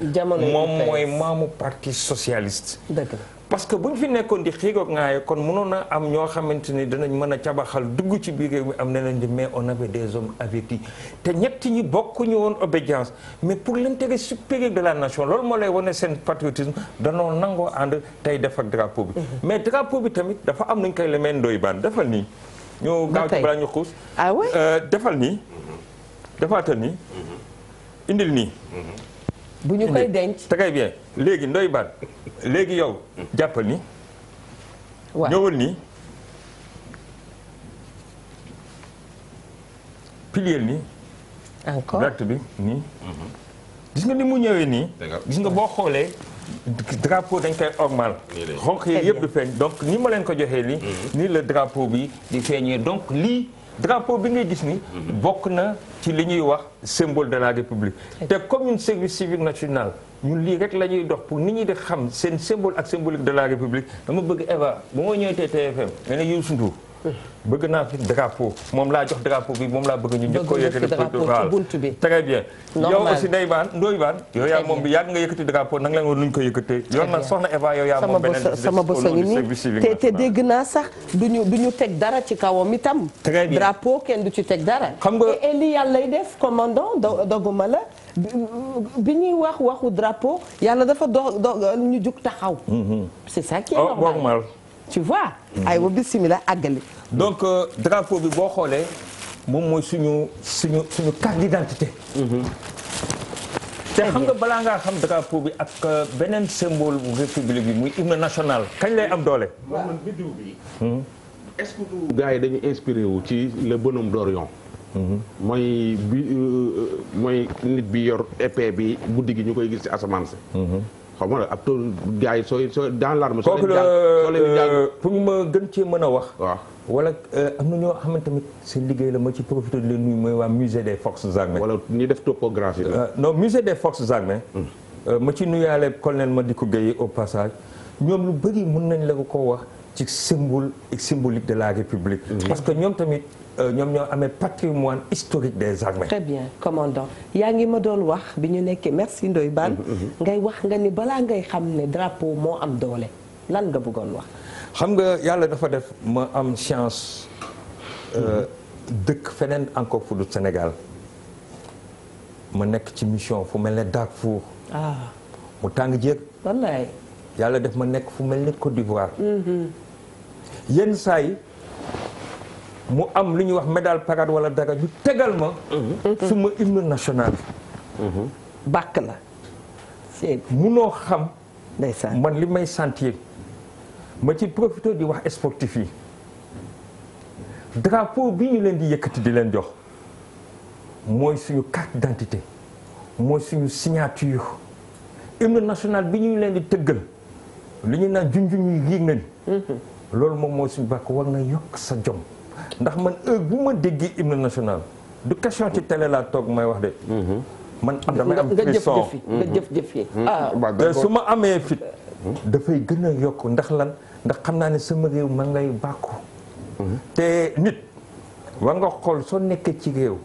moom mooy maamu parti socialiste d'accord parce que bu ñu fi nekkoon di xiigoog ngaayo kon mënoon na am ñoo xamante ni danañ mën a cabaxal dugg ci biir réew mi am nañ di mais on avait des hommes avertis te ñett ñi ñu woon obédience mais pour l'intérêt supérieur de la nation loolu moo lay wane seen patriotisme danoo nangoo ànd tey def ak drapeau bi. Mhm. mais drapeau bi tamit dafa am nañ koy lemeen ndoy baan defal nii. ñu gaaw ci balaa ñu xuus. Ah euh, defal nii. Mhm. defaatal nii. Mhm. indil nii. bu ñu koy denc très bien léegi ndoy baan léegi yow jàppal ni waaw ñëwal nii pilier nii encore bi nii gis nga ni mu ñëwee nii gis nga boo xoolee drapeau dañ koy ormal xonq yi yëpp di feeñ donc ni ma leen ko joxee li mhm. nii la drapeau bi di feeñee donc lii drapeau bi ngay gis ni mhm. bokk na ci li ñuy wax symbole de la république te commune une service civique national ñun lii rek la ñuy dox pour nit ñi di xam seen symbole ak symbolique de la république dama bëgg Eva bu ma ñëwee TFM nga ne Youssou Ndour bëgg naa fi drapeau moom laa jox drapeau bi moom laa bëgg ñu njëkk koo yëkkati ci buntu bi très bien yow aussi Ndeye moom bi yàgg nga yëkkati drapeau nag leen woon nuñ ko yëkkatee yoon nag soxna Eva yow moom beneen sama bës a ngi te dégg naa sax du ñu teg dara ci kawam itam très bien drapeau kenn du ci teg dara xam nga et li yàlla lay def commandant doguma la bi ñuy wax waxu drapeau yàlla dafa dox dox ñu jug taxaw mhm. c'est ça qui est oh, normal tu vois. aywa mm. bisimilah àggali. donc euh, drapeau bi boo xoolee moom mooy suñu suñu suñu carte d'identité. Mhm. te xam nga balaa ngaa xam drapeau bi ak euh, beneen symbole bu république bi muy hymne national kañ lay am doole. waaw man hmm? yi dañu inspiré wu ci le bonhomme d'Orient. Hmm. mooy bi euh, mooy nit bi yor épée bi guddi gi ñu koy gis ci asamaan hmm. xaw ma ab tool gars yi sooy sooy soo leen jàng euh, pour ma gën cee mën a wax. waaw wala euh, am na ñoo xamante tamit seen liggéey la ma ci profité di leen nuyu mooy waa musée des forces armées. wala ñi def topographie la. Euh, non musée des forces armées. Hmm. ma ci nuyaale colonel ko Gueye au passage ñoom lu bëri mun nañ la ko wax ci symbole symbolique de la république. Hmm. parce que ñoom tamit. Euh, ñoom ñoo amee patrimoine historique des armées. très bien commandant yaa ngi ma doon wax bi ñu nekkee merci Ndoye Bane. Mm-hmm, mm-hmm. ngay wax nga ni balaa ngay xam ne drapeau moo am doole lan nga bëggoon wax. xam nga yàlla dafa def ma am chance. Euh, mm-hmm. dëkk feneen encore fu du Sénégal ma nekk ci mission fu mel ne Darfour. ah mu tàng jéeg. wallaay. yàlla def ma nekk fu mel ne Côte d'Ivoire. yenn saa yi mu am lu ñuy wax médaille parade wala dara ñu tegal ma. Mhm. suma hymne national. Mhm. bàkk la. munoo xam. ndeysaan man li may sentir. ma ci profité di wax sportif yi. drapeau bi ñu leen di yëkkati di leen jox. mooy suñu carte d'identité. mooy suñu signature. hymne national bi ñu leen di tëggal. li ñu naan junj ñuy riig nañ. Mhm. loolu moom mooy suñu bàkk war na yokk sa jom. ndax man heure bu ma déggee hymne national du question ci tele laa toog may wax de. Mhm. man damay am frisson nga jëf jëf yi mhm. mhm. ah euh, su ma amee fit. dafay gën a yokk ndax lan ndax xam naa ne sama réew ma ngay bàkku te nit war nga xool soo nekkee ci réew.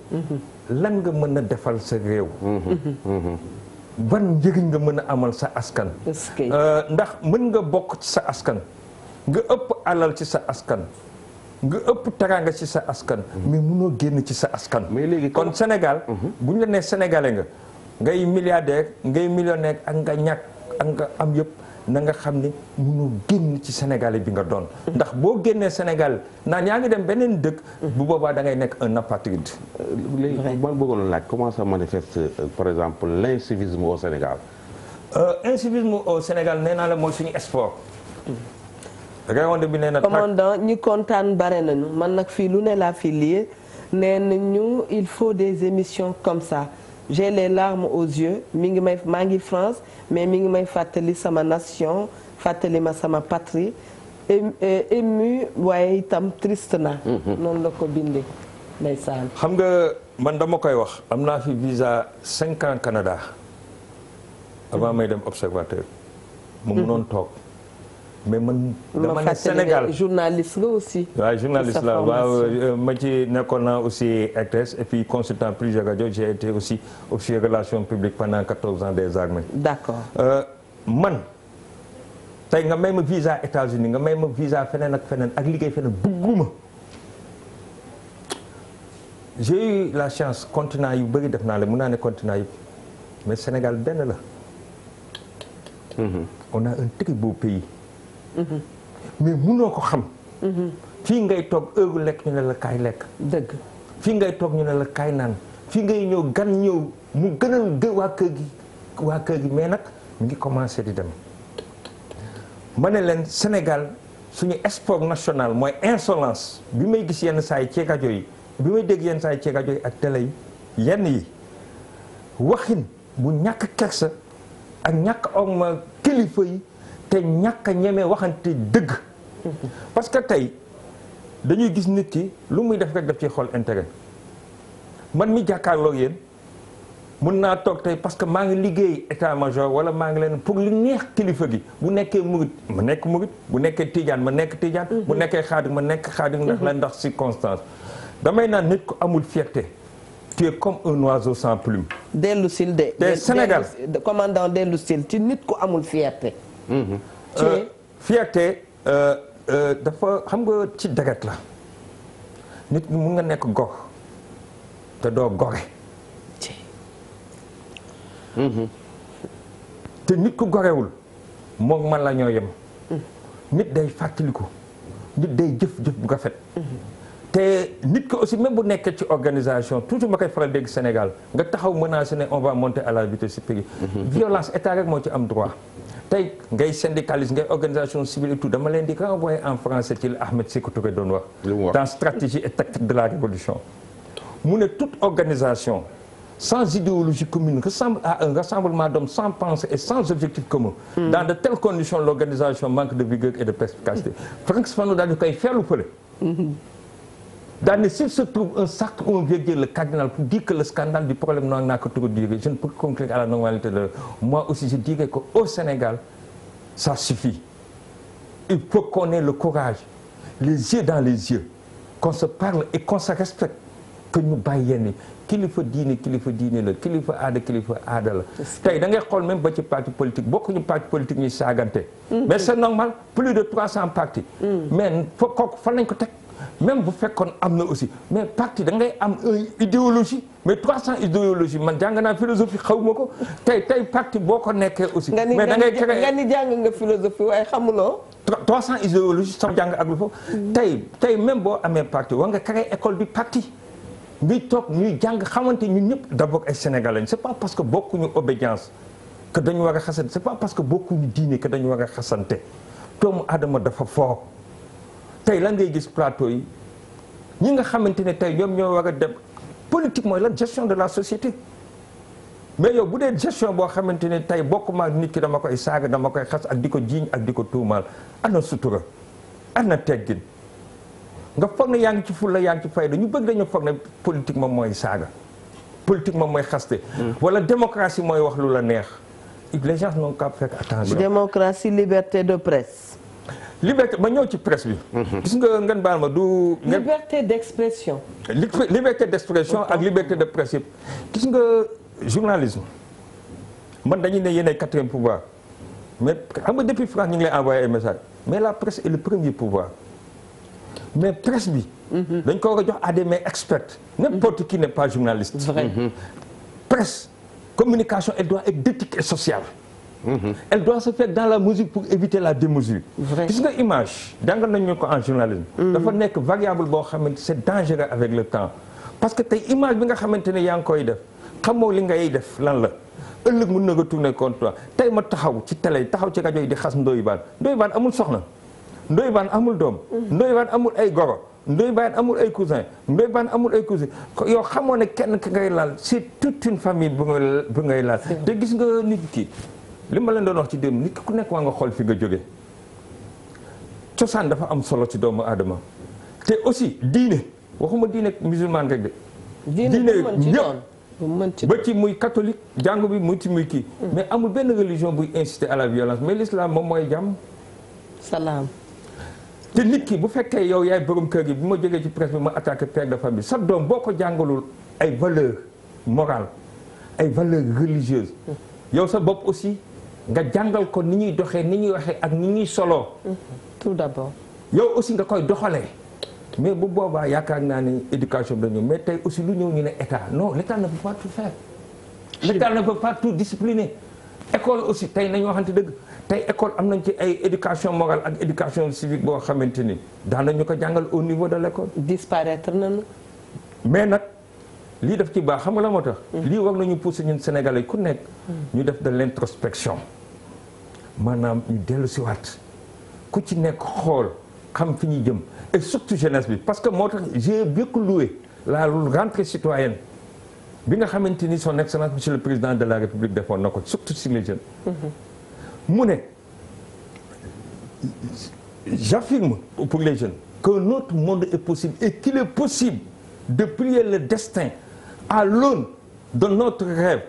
lan nga mën a defal sa réew. ban njëriñ nga mën a amal sa askan. Euh, ndax mën nga bokk ci sa askan. nga ëpp alal ci sa askan. nga ëpp teraanga ci sa askan. mais munoo génn ci sa askan. mais léegi kon Sénégal. Mhm. bu ñu la nee sénégalais nga ngay milliardaire ngay millionnaire ak nga ñàkk ak nga am yëpp. na nga xam ni mënoo génn ci sénégalais bi nga doon. ndax boo génnee Sénégal naan ñaa ngi dem beneen dëkk. bu boobaa da ngay nekk un apatride. Euh, léegi man bëggoon laa comment ça manifeste euh, par exemple l'incivisme au Sénégal. Euh, incivisme au Sénégal nee naa la mooy suñu sport. Mm. réewande bi nee na. commandant ñi kontaan bare nañu man nag fii lu ne laa fi lii nee nañu il faut des émissions comme ça j'ai les larmes aux yeux mi ngi may maa ngi France mais mi ngi may fàttali sama nation fàttali ma sama patrie ému euh, waaye itam triste na. Mhm. noonu la ko bindee ndeysaan. xam nga man dama koy wax am naa fi visa cinq ans Canada avant may dem observateur. mu munoon mhm. toog. mais man. dama ne Sénégal journaliste nga aussi. waaw la waaw euh, ma ci nekkoon naa aussi actrice et puis consultant plusieurs rajo j'ai été aussi officier relations publiques pendant 14 ans des armées. d'accord euh, man tey nga may ma visa États-Unis nga may ma visa feneen ak feneen ak liggéey feneen bëgguma. j'ai eu la chance continent yu bëri def naa la mun naa ne continent yu mais Sénégal benn la. Mhm. on a un très beau mais munoo ko xam. fii ngay toog heure lekk ñu ne la kaay lekk. dëgg fii ngay toog ñu ne la kaay naan fii ngay ñëw gan ñëw mu gënal gë waa kër gi waa kër gi mais nag mu ngi commencé di dem. ma ne leen Sénégal suñu sport national mooy insolence bi may gis yenn saa yi ci rajo yi bi may dégg yenn saa yi ci rajo yi ak télé yi yenn yi waxin bu ñàkk sa ak ñàkk orma kilifa yi. te ñàkk a waxante dëgg. parce que tey dañuy gis nit ki lu muy def rek daf ci xool intérêt man mi jàkkaarloo yéen mun naa toog tey parce que maa ngi liggéey état major wala maa ngi leen pour lu neex kilifa gi bu nekkee murit ma nekk murit bu nekkee tijaan ma nekk tijaan. bu nekkee xaadir ma nekk xaadir ndax la ndax circonstance damay naan nit ku amul fierté. tu es comme un oiseau sans plume. dellu sil de. Sénégal commandant dellu sil ci nit ku amul fierté. Mm-hmm. Euh, fierté euh, euh, dafa xam nga ci dagat la nit ñi mun nga nekk gox te doo gore mm-hmm. te nit ku gorewul moom man la yem mm-hmm. nit day fàttaliku nit day jëf-jëf bu rafet te nit ko aussi même bu nekkee ci organisation toujours ma koy faral dégg Sénégal nga taxaw menacé ne on va monter à la vitesse supérieure violence état rek moo ci am droit tey ngay syndicaliste ngay organisation civile et tout dama leen di renvoyer en français ci la Ahmed Sékou Touré doon dans stratégie et tactique de la révolution mu ne toute organisation sans idéologie commune ressemble à un rassemblement d'hommes sans pensée et sans objectif commun mm. dans de telles conditions l'organisation manque de vigueur et de perspicacité hmm. Frantz Fanon daal di koy feelu fële hmm. daane s'il se trouve un Sartre ou un Verdier le cardinal pour dire que le scandale du problème noir n'a que trop duré je ne peux conclure à la normalité de moi aussi je dirais que au Sénégal ça suffit il faut qu'on le courage les yeux dans les yeux qu'on se parle et qu'on se respecte que ñu bàyyi yenn kilifa diine kilifa diine la kilifa aada kilifa aada la tey da ngay xool même ba ci parti politique bokkuñu parti politique ñuy saagante mm. mais c'est normal mm. fan lañ ko teg même bu fekkoon am na aussi mais parti da ngay am idéologie mais 300 idéologie man jàng naa philosophie xaw ma ko tey tey parti boo ko nekkee aussi. mais da ngay créé nga ni jàng nga philosophie waaye xamuloo. 300 idéologie sama jàng ak lu mm. tey tey même boo amee parti war nga créé école du parti. ñuy toog ñuy jàng xamante ñun ñëpp d'abord ay sénégalais c'est pas parce que bokkuñu obédience que dañu war a xasante c'est pas parce que bokkuñu diine que dañu war a xasante mu aadama dafa fort. tey lan ngay gis plateau yi ñi nga xamante ne tey ñoom ñoo war a dem politique mooy lan gestion de la société mais yow bu dee gestion boo xamante ne tey bokkuma nit ki dama koy saaga dama koy xas ak di ko jiiñ ak di ko tuumaal ana sutura na teggin nga foog ne yaa ngi ci la yaa ngi ci fayda ñu bëgg dañu foog ne politique moom mooy saaga politique moom mooy xaste hmm. wala démocratie mooy wax lu la neex les gens démocratie liberté de presse liberté ma ñëw ci presse bi. Mhm. gis nga ngeen baal ma du. liberté d'expression. liberté d'expression ak liberté de presse yëpp gis nga journalisme man dañu ne yéen ay quatrième pouvoir mais xam nga depuis France ñu ngi lay envoyé message mais la presse est le premier pouvoir mais presse bi. Mhm. dañ ko war jox à des mains expertes. n'importe qui n'est pas journaliste. vrai mhm. communication elle doit être d'éthique et sociale. Mm-hmm. elle doit se faire dans la mesure pour éviter la démesure. gis nga image jàngal nañu ko en journalisme. Mm. dafa nekk variable boo xamante c'est dangereux avec le temps. parce que tey image bi nga xamante ne yaa ngi koy def xamoo li ngay def lan la ëllëg mun na nga tourner contre tey ma taxaw ci télé taxaw ci rajo yi di xas Ndoye baan Ndoye Bane amul soxna Ndoye Bane amul doom. Mm-hmm. Ndoye Bane amul ay goro. Ndoye Bane amul ay cousin Ndoye Bane amul ay cousin yow xamoo ne kenn ngay laal c'est toute une famille bu ngay bu ngay laal gis nga nit ki. li ma leen doon wax ci démb nit ku nekk waa nga xool fi nga jóge cosaan dafa am solo ci doomu aadama te aussi diine waxuma diine musulman rek de. diine ñëpp ba ci muy catholique jàngu bi mu ci muy kii. Mm. mais amul benn religion buy insité à la violence mais l'islam moom mooy jàmm. salaam. te nit bu fekkee yow yaay borom kër gi bi ma jógee ci presse bi ma attaqué père de bi sa doom boo ko jàngalul ay valeurs morales ay valeurs religieuses mm. yow sa bopp aussi. nga jàngal ko ni ñuy doxee ni ñuy waxee ak ni ñuy soloo tout d'abord yow aussi nga koy doxalee mais bu boobaa yaakaar naa ne éducation bi la ñu mais tey aussi lu ñëw ñu ne état no l'état ne peut pas tout faire l'état ne peut pas tout discipliner école aussi tey nañu waxante dëgg tey école am nañ ci ay éducation morale ak éducation civique boo xamante ni daan ñu ko jàngal au niveau de l'école disparaître nañu mais nag lii def ci baax xam nga la moo tax. Mm. lii war nañu pousser ñun Sénégalais ku nekk. Mm. ñu def de l'introspection maanaam ñu dellu si ku ci nekk xool xam fi ñuy jëm et surtout jeunesse bi parce que moo tax j'ai beaucoup loué la rentrée citoyenne bi nga xamante ni son excellence monsieur le président de la république defoon na ko surtout si les jeunes. Mm-hmm. mu ne j'affirme pour les jeunes. que notre monde est possible et qu'il est possible de plier le destin à l'aune de notre rêve,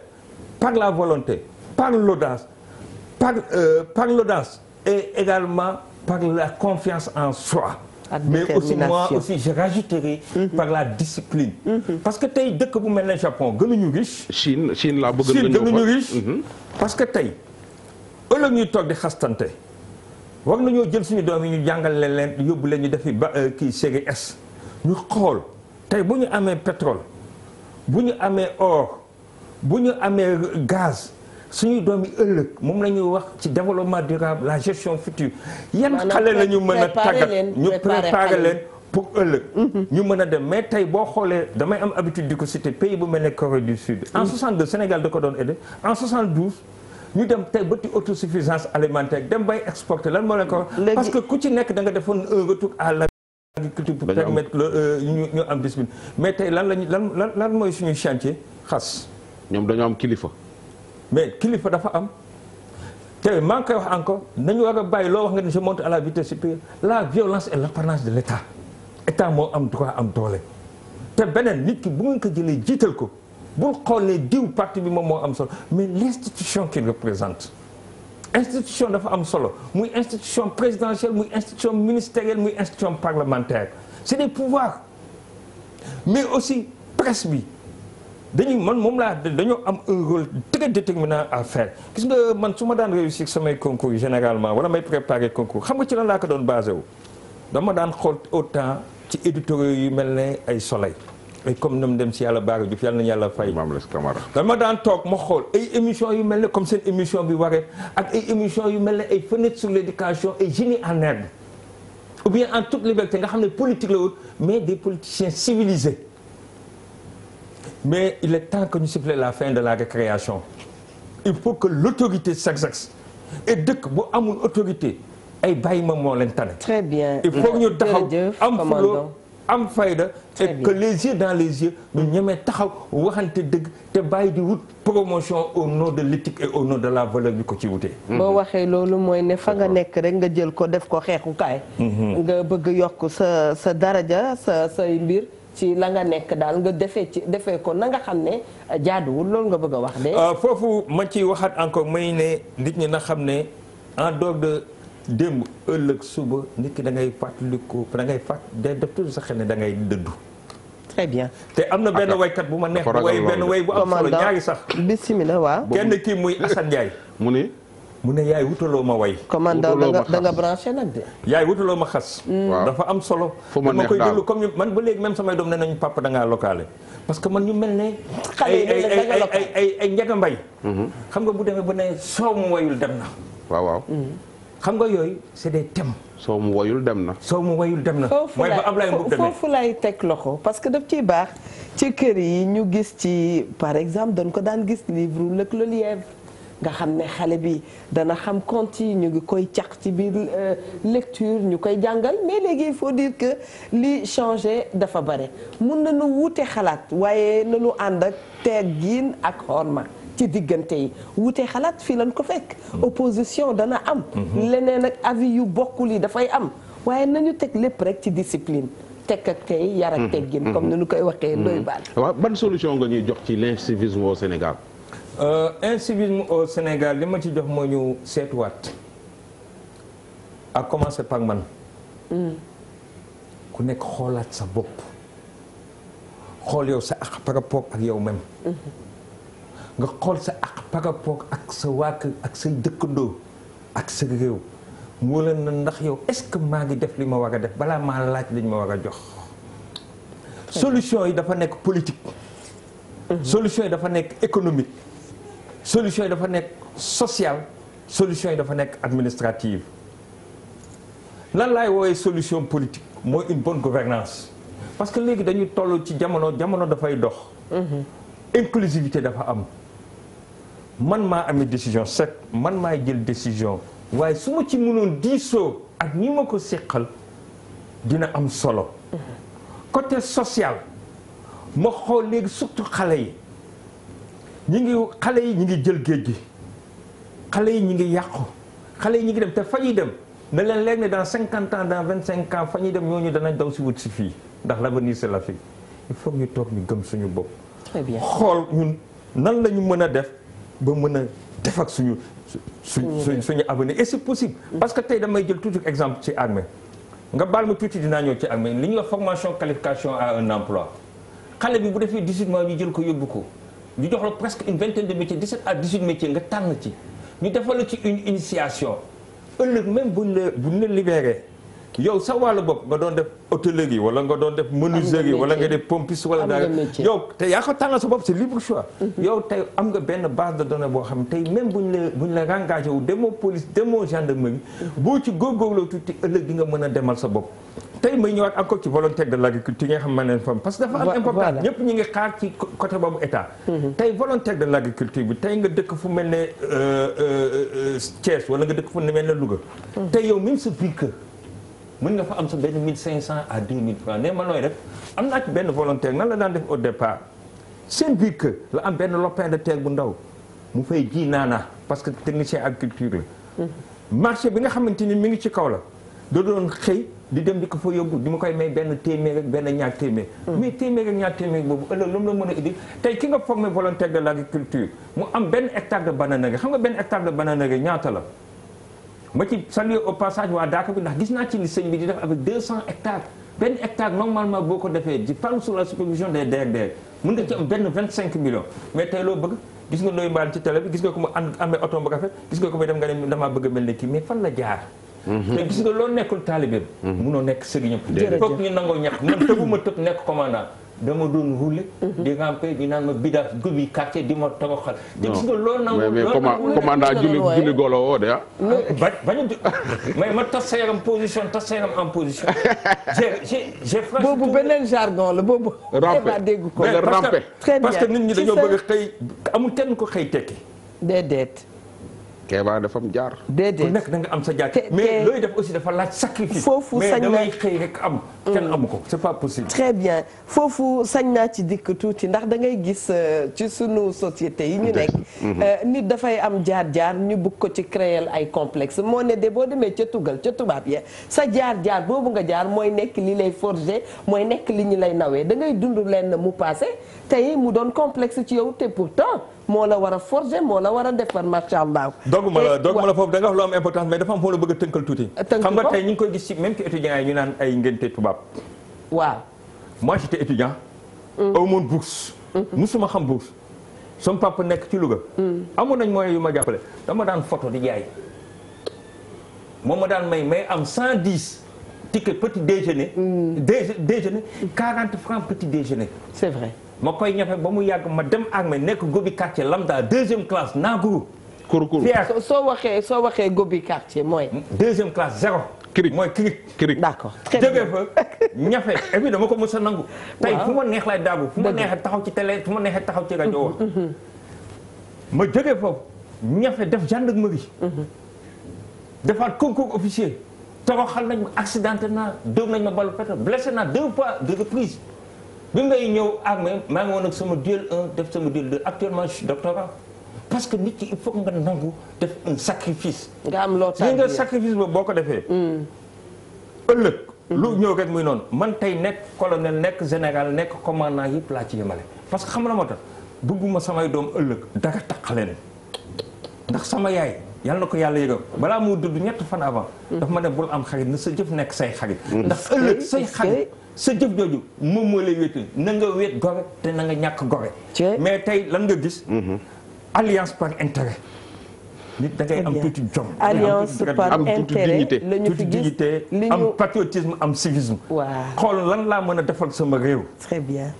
par la volonté, par l'audace, par, euh, également par la confiance en soi. mais aussi aussi je rajouterai mm -hmm. par la discipline mhm. parce que tey dëkk bu mel ne Japon gënuñu riche Chine Chine laa bëgg Chine gënuñu riche mhm. parce que tey ëllëg ñu toog di xastante war nañoo jël suñu doom yi ñu jàngale leen leen yóbbu leen ñu defi ba euh, kii série S ñu xool tey bu ñu amee pétrole bu ñu amee or bu ñu amee gaz suñu doom yi ëllëg moom la ñuy wax ci développement durable la gestion future yan xale la ñu mën a tàggat ñu préparer leen pour ëllëg mhm. ñu mën a dem mais tey boo xoolee damay am habitude di ko citer pays bu mel ne Corée du Sud en 62 mhm. Sénégal da ko doon aidé en 72 ñu dem tey ba ci autosuffisance alimentaire dem bay exporter lan moo leen ko parce que ku ci nekk danga nga defoon un retour à agriculture pour permettre euh, ñu ñu am discipline mais tey lan lañu lan lan lan mooy suñu chantier xas. ñoom dañoo am kilifa. mais kilifa dafa am te maa ngi koy wax encore nañu war a bàyyi loo wax nga ni je monte à la vitesse supérieure la violence est l'apanage de l'état état moo am droit am doole. te beneen nit ki bu ngeen ko jëlee jiital ko bul xoolee diw parti bi moom moo am solo mais l'institution qu'il représente. institution dafa am solo muy institution présidentielle muy institution ministérielle muy institution parlementaire c'est des pouvoirs mais aussi presse bi dañuy man moom laa dañoo am un rôle très déterminant à faire gis nga man su ma daan réussir samay concours généralement wala may préparer concours xam nga ci lan laa ko doon basé wu dama daan xool autant ci éditoriaux yu mel ne ay soleil comme nam dem si yàlla baara Diouf yàlla nañu yàlla fay. maam les Camara. dama daan toog ma xool ay émission yu mel ne comme seen émission bi waree ak ay émission yu mel ne ay fenêtre sur l' éducation et en herbe ou bien en toute liberté nga xam ne politique la woon mais des politiciens civilisés mais il est temps que ñu siffler la fin de la récréation il faut que l' autorité et dëkk bu amul autorité ay bàyyi ma moo leen bien il faut ñu taxaw am fuloo am fayda et que les yeux dans les yeux ñu ñemee taxaw waxante dëgg te bàyyi di wut promotion au nom de l'éthique et au nom de la valeur bi ko ci wute boo mhm. waxee loolu mooy ne fa nga nekk rek nga jël ko def ko xeexukaay mhm. nga bëgg yokk sa sa daraja sa say mbir ci la nga nekk daal nga defee ci defee ko na nga xam ne euh, jaaduwul loolu nga bëgg a wax de euh, foofu ma ci waxaat encore may ne nit ñi na xam ne en dehors démb ëllëg suba nit ki da ngay ko da ngay fàtt day def toujours sa xel ne da ngay dëddu. très bien te am na ah, benn ah. waykat bu ma neex. way benn way bu am solo ñaari sax. bisimilah waaw. kenn kii muy Assane Ndiaye. mu ne. mu ne yaay wutaloo ma way. commandant da nga da nga branché nag de. yaay wutaloo ma xas. Mm. dafa am solo. fu ma neex koy déglu comme man ba léegi même samay doom ne nañu papa da ngaa parce que man ñu mel ne. ay ay ay ay mbay. Mm-hmm. xam nga bu demee ba ne soo mu wayul dem na. Mm-hmm. xam nga yooyu c' est des thèmes. soo mu woyul dem na. soo mu woyul dem na. mooy foofu lay teg loxo parce que daf ciy baax ci kër yi ñu gis ci par exemple dañ ko daan gis livre lëkk le lièvre nga xam ne xale bi dana xam conte yi ñu ngi koy caq ci biir euh, lecture ñu koy jàngal mais léegi il faut dire que li changé dafa bare mun nañu wuute xalaat waaye nañu ànd ak teggin ak xorma. ci diggante yi wutee xalaat fii lañ ko fekk opposition dana am leneen ak avis yu bokkul yi dafay am waaye nañu teg lépp rek ci discipline tekk ak tey yar ak mhm. teggin mhm. comme ni ñu koy waxee ndoy mhm. baal waaw ban solution nga ñuy jox ci l'incivisme au Sénégal euh, incivisme au Sénégal li ma ci jox moo ñu seetuwaat ak commencé par man mm. ku nekk xoolaat sa bopp xool yow sa ak par rapport ak yow même mm-hmm. nga xool sa ak par rapport ak sa waa ak sa dëkkandoo ak sa réew mu leen na ndax yow est-ce que maa ngi def li ma war a def balaa maa laaj li ñu ma war a jox solution yi dafa nekk politique mhm. solution yi dafa nekk économique solution yi dafa nekk sociale solution yi dafa nekk administrative lan laay woowee solution politique mooy une bon gouvernance parce que léegi dañu toll ci jamono jamono dafay dox mhm. inclusivité dafa am man maa amee décision set man maay jël décision waaye su ma ci mënoon diisoo ak ñi ma ko séqal dina am solo côté social ma xool léegi surtout xale yi ñu ngi xale yi ñu ngi jël géej gi xale yi ñu ngi yàqu xale yi ñu ngi dem te fa ñuy dem ne leen leeg ne dans cinquante ans dans vingt cinq ans fa ñuy dem ñu danañ daw si wut si fii ndax l'avenir c'est l'Afrique il faut ñu toog ñu gëm suñu bopp xool ñun nan la ñu mën a def ba mën a def ak suñu suñu suñu avenir et c'est possible mm. parce que tey damay jël toujours exemple ci armée nga baal ma tuuti dinaa ñëw ci armée li ñuy wax formation qualification à un emploi xale bi bu defee 18 mois ñu jël ko yóbbu ko ñu jox la presque une vingtaine de métiers 17 à 18 métiers nga tànn ci ñu defal la ci une initiation ëllëg même bu la buñ la yow sa wàllu bopp nga doon def hôtellerie wala nga doon def menuiserie wala nga def pompiste wala daa yow te yaa ko tànnal sa bopp c'est libre choix mhm. yow tey am nga benn base de données boo xam tey même buñ la buñ la engagé wu demoo police demoo gendarmerie mhm. boo ci góorgóorloo tuuti ëllëg di nga mën a demal sa bopp tey may ñëwaat encore ci volontaire de l'agriculture yi nga xam ne fam parce que dafa am important ñëpp ñu ngi xaar ci côté boobu état mhm. tey volontaire de l'agriculture bi tey nga dëkk fu mel ne euh, euh, euh, Thiès wala nga dëkk fu mel ne Louga tey yow même sa biir mën nga fa am sa benn 1500 à 2000 francs ne ma nooy def am naa ci benn volontaire nan la daan def au départ seen biir kër la am benn lopin de terre bu ndaw mu fay ji naana parce que technicien agriculture la. marché bi nga xamante ni mi ngi ci kaw la da doon xëy di dem di ko fa yóbbu di ma koy may benn téeméer ak benn ñaar téeméer. Hmm. mais téeméer ak ñaar téeméer boobu ëllëg lu mu la mën a indi tey ki nga formé volontaire de l' agriculture mu am benn hectare de banana nga xam nga benn hectare de banana nga ñaata la. ma ci saluer au passage waa Daaka bi ndax gis naa ci li sëñ bi di def avec 200 hectares benn hectare normalement boo ko defee je parle sous la supervision des DRDR mën nga ci am benn 25 millions mais tey loo bëgg gis nga nooy mbaal ci télé bi gis nga ko mu ànd amee oto bu rafet gis nga ko muy dem nga ne damaa bëgg a mel ne kii mais fan la jaar. Mhm. te gis nga loo nekkul taalibeem. Mhm. munoo nekk sëriñam. jërëjëf foog ñu nangoo ñax man tëbu ma tëb nekk commandant. dama doon wule. Mhm. di rampe ñu naan ma bidas gubi quartier di ma toroxal. te gis nga loolu nag. mais mais comment commandant julli julli golo woo de ah. ah ba bañu mais ma tas sa yaram position tas sa yaram en position. j'ai j'ai franchement. boobu beneen jargon la boobu. rampe dégg ko rampe. parce que nit ñi dañoo bëgg xëy amul kenn ko xëy tekki. déedéet. Kéba dafa mu jaar. déedéet ku nekk da nga am sa jaar mais looy def aussi dafa laaj sacrifice. foofu sañ na mais rek am. kenn amu ko c'est pas possible. très foofu sañ naa ci dikk tuuti ndax dangay ngay gis euh, ci sunu société yi ñu nekk. Mhm. Euh, nit dafay am jaar jaar ñu bëgg ko ci créer ay complexe moo ne de boo demee ca tugal ca tubaab ya sa jaar jaar boobu nga jaar mooy nekk li lay forger mooy nekk li ñu lay nawee da ngay dund lenn mu passé tey mu doon complexe ci yow te pourtant. moo la war a forger moo la war a defar macha allah. dogu ma la dogu ma la foofu da nga wax lu am importance mais dafa am foo la bëgg a tënkal tuuti. xam nga tey ñu ngi koy gis ci même ci étudiants yi ñu naan ay ngénte tubaab. waaw. moi j'étais étudiant. Mm. aw moon bourse. Mm-hmm. musuma xam bourse. sama papa nekk ci Louga. Mm. amoon nañ moyens yu ma jàppale dama daan photo di jaay. moom ma daan may may am 110 ticket petit déjeuner. Mm. déjeuner 40 francs petit déjeuner. c'est vrai. ma koy ñafe ba mu yàgg ma dem armée nekk gobi quartier lambda deuxième classe naaguru. kurukuru soo soo waxee soo waxee gobi quartier mooy. deuxième classe zéro. kirik mooy kirik kirik. d'accord très bien jógee fa ñafe et puis dama ko mos sa nangu. tay fu ma neex laay daagu fu ma neexee taxaw ci télé fu ma neexee taxaw ci rajo wax. Mm-hmm. Mm-hmm. ma jógee foofu ñafe def gendarmerie. Mm-hmm. defaat concours officier. toroxal nañ ma accidenté naa dóor nañ ma balu pétrole blessé naa deux fois de reprise. bi may ñëw armée maa ngi woon ak sama duel def sama duel 2 actuellement je suis doctorant parce que nit ki il faut nga nangu def un sacrifice. nga am loo taal nga boo ko defee. Hmm. ëllëg. Hmm. lu ñëw rek muy noonu man tey nekk colonel nekk général nekk commandant yëpp laa ci yemale. parce que xam na moo tax bëgguma samay doom ëllëg dara tax leen ndax sama yaay. yàlla na ko yàlla yëgal balaa moo dudd ñett fan avant. Mhm. dafa ma ne bul am xarit na sa jëf nekk say xarit. Mhm. ndax ëllëg say xarit sa jëf jooju moom moo lay wéetal na nga wéet gore te na nga ñàkk gore. mais tey lan nga gis. Mhm. alliance par intérêt. nit dangay am tuuti jom. alliance par intérêt la fi gis am patriotisme am civisme. waaw xool lan laa mën a defal sama réew. très bien.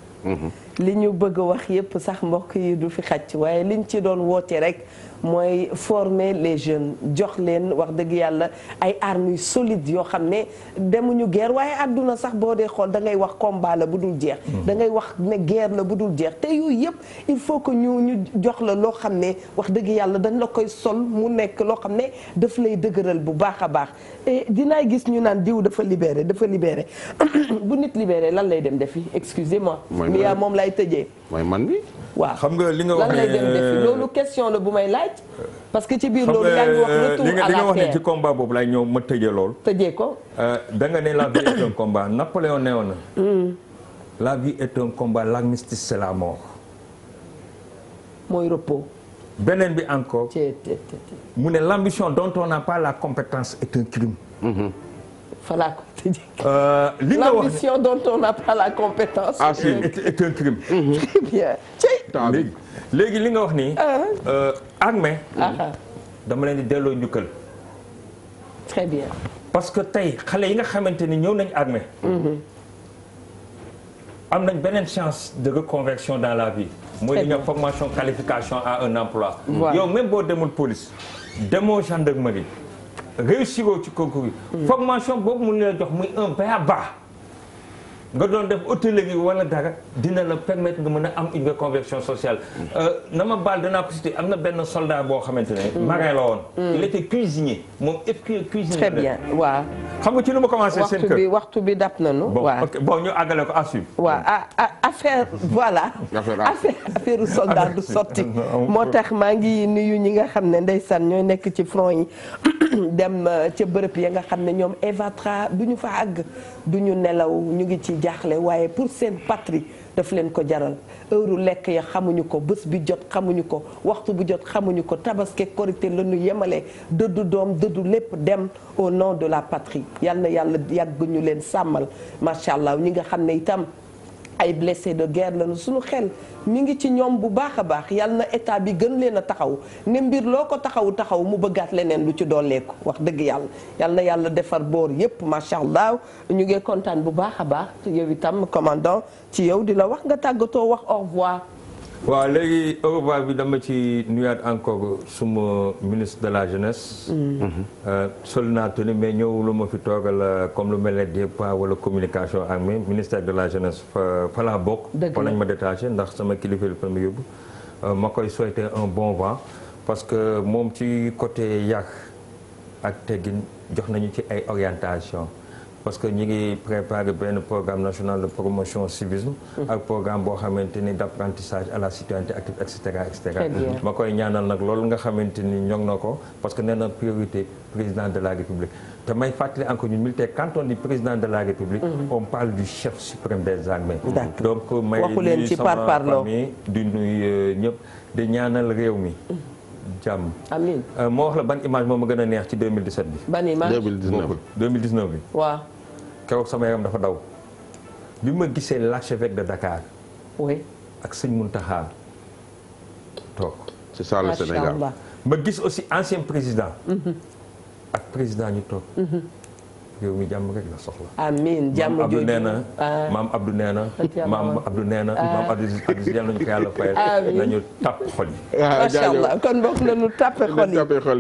li ñu bëgg a wax yépp sax mbokk yi du fi xaj waaye liñ ci doon woote rek. mooy former les jeunes jox leen wax dëgg yàlla ay armes yu solides yoo xam ne demuñu guerre waaye àdduna sax boo dee xool da ngay wax combat la bu dul jeex. Mhm. da ngay wax ne guerre la bu dul jeex te yooyu yëpp il faut que ñu ñu jox la loo xam ne wax dëgg yàlla dañ la koy sol mu nekk loo xam ne daf lay dëgëral bu baax a baax dinaa gis ñu naan diw dafa libéré dafa libéré bu nit libéré lan lay dem defi excusez-moi. mooy moom lay tëjee. mooy man bi waaw xam nga li nga wax ne euh, loolu question la bu may laaj. parce que ci biir loolu yaa ngi wax retour à la terre li nga wax ne ci combat boobu laay ñëw ma tëjee loolu. tëjee ko. Euh, da nga ne la vie est un combat Napoléon mm. la vie est l'armistice c'est la mort. mooy repos. beneen bi encore. mu ne l'ambition dont on n'a pas la compétence est un crime. Mm-hmm. Euh, li nga wax l'ambition dont on n'a pas la compétence. ah si euh, est léegi li nga wax nii. Ah. Euh, armée. Ah, ah. leen di delloo njukkal. très bien. parce que tey xale yi nga xamante ni ñëw nañ armée. Mhm. am nañ beneen chance de reconversion dans la vie. mooy li nga formation qualification à un emploi. yow même boo demul police demoo gendarmerie. réussiroo ci concours yi. Mm. formation boobu mun leen jox muy un B à bas. nga doon def hôtellerie wala dara dina la permettre nga mën a am une reconversion sociale. Euh, na ma baal am na benn soldat boo xamante ne. Mm. marin la woon. Mm. il était cuisinier moom épi cuisinier. très bien waaw. xam nga ci lu ma commencé seen kër waxtu bi waxtu na dab nañu. waaw ñu àggale ko assume. waaw affaire voilà. affaire affaire soldat du sotti. moo tax maa ngi nuyu ñi nga xam ne ndey ndeysaan ñooy nekk ci front yi dem euh, ca bërëb yi nga xam ne ñoom Evatra du ñu fa àgg du ñu nelaw ñu ngi ci. jaaxle waaye pour seen patrie daf leen ko jaral heure lekk ya xamuñu ko bés bi jot xamuñu ko waxtu bu jot xamuñu ko tabaske korité la ñu yemale dëddu doom dëddu lépp dem au non de la patrie yal na yàlla yàgg ñu leen sàmmal macha allah ñi nga xam ne itam. ay blessé de guerre lañu suñu xel mi ngi ci ñoom bu baax a baax yàlla na état bi gën leen a taxaw ne mbir loo ko taxawu taxaw mu bëggaat leneen lu ci dooleeku wax dëgg yàlla yàlla na yàlla defar boor yépp macha allah ñu ngi kontaan bu baax a baax yow itam commandant ci yow di la wax nga tàggatoo wax au revoir waaw léegi Europa bi dama ci nuyaat encore suma ministre de la jeunesse. Mm-hmm. Euh, sol naa tuni mais ñëw lu ma fi toogal euh, comme lu mel ne DEPA wala communication ak mais ministère de la jeunesse fa laa bokk. fa lañ ma détaché ndax sama kilifa la ma yóbbu. Euh, ma koy souhaiter un bon vent parce que moom ci côté yàq ak teggin jox nañu ci ay orientation parce que ñu ngi préparé benn programme national de promotion civisme ak programme boo xamante ni d' apprentissage à la citoyenneté active et cetera ma koy ñaanal nag loolu nga xamante ni ñoŋ na ko parce que nee na priorité président de la république te may fàttali encore ñun militaire quand on dit président de la république mhm. on parle du chef suprême des armées donc euh, may nuyu sama famille di nuyu euh, ñëpp di ñaanal réew mi mhm. jàmm. amiin euh, moo wax la ban image moo ma gën a neex ci 2017 bi. ban image 2019 bi 2019 bi. waaw. keroog sama yaram dafa daw. bi ma gisee l'archevêque de Dakar. oui ak sëñ Mountakha toog. c'est ça le Sénégal ma gis aussi ancien président. Mhm. ak président ñu toog. Mhm. réew mi jàmm rek la soxla. amiin jàmm jooju ah. maam Abdou nee na ah. maam Abdou nee na maam Abdou nee na maam Abdou yal nañu ko yàlla fayal. amiin nañu tàpp xol yi. Ah, macha allah kon a nañu tàppe xol yi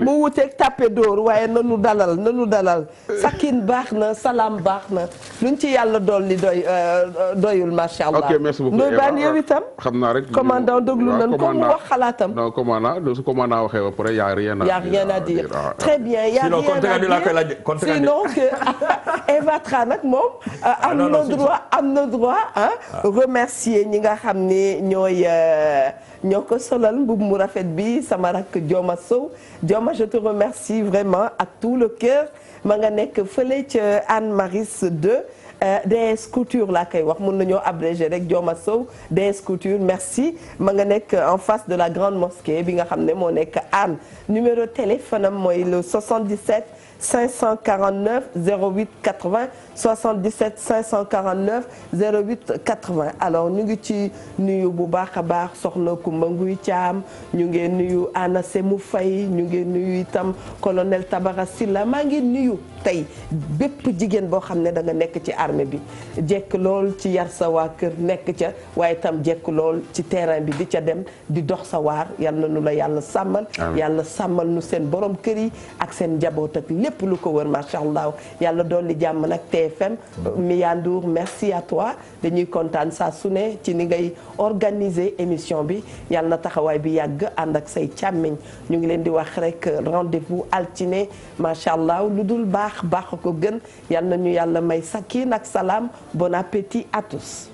mu wuteeg tàppe dóor waaye nañu dalal nañu dalal. Eh. sakkin baax na salaam baax na luñ ci yàlla dool li doy eh, eh, doyul macha allah. ok merci beaucoup Ndoye Bane yow itam. xam de la commandant déglu nañu ko mu wax xalaatam. non commandant su commandant waxee ba pare y a rien à dire. y a rien à dire très bien Eva Tra nag moom. Ah, euh, am na droit am na droit ah. remercier ñi nga xam ne ñooy euh, ñoo ko solal mbubb mu rafet bi sama rakk Dioma Sow Dioma je te remercie vraiment ak tout le cœur ma nga nekk fële ca Anne Maris 2. Euh, DS culture la koy wax mun nañoo abrégé rek Dioma Sow DS Couture merci ma nga nekk en face de la grande mosquée bi nga xam ne moo nekk Anne numéro téléphone am mooy le 77. 549 08 80 77 549 08 80 alors ñu ngi ci nuyu bu baax a baax soxna Kumba Nguy Caam ñu ngee nuyu Anna mu Faye ñu ngi nuyu itam colonel Tabara Silla maa ngi nuyu tey bépp jigéen boo xam ne da nga nekk ci armée bi jekk lool ci yar sa waa kër nekk ca waaye itam jekk lool ci terrain bi di ca dem di dox sa waar yal na nu la yàlla sàmmal yàlla sàmmal nu seen borom kër yi ak seen njaboot ak lépp lu ko wër macha allah yàlla dolli jàmm nag TFM Miya merci à toi dañuy kontaan saa su ne ci ni ngay organiser émission bi yàlla na taxawaay bi yàgg ànd ak say càmmiñ ñu ngi leen di wax rek rendez-vous altine macha allah lu dul baax baax ko gën yal na ñu yàlla may sakkin ak salaam bon appétit à tous.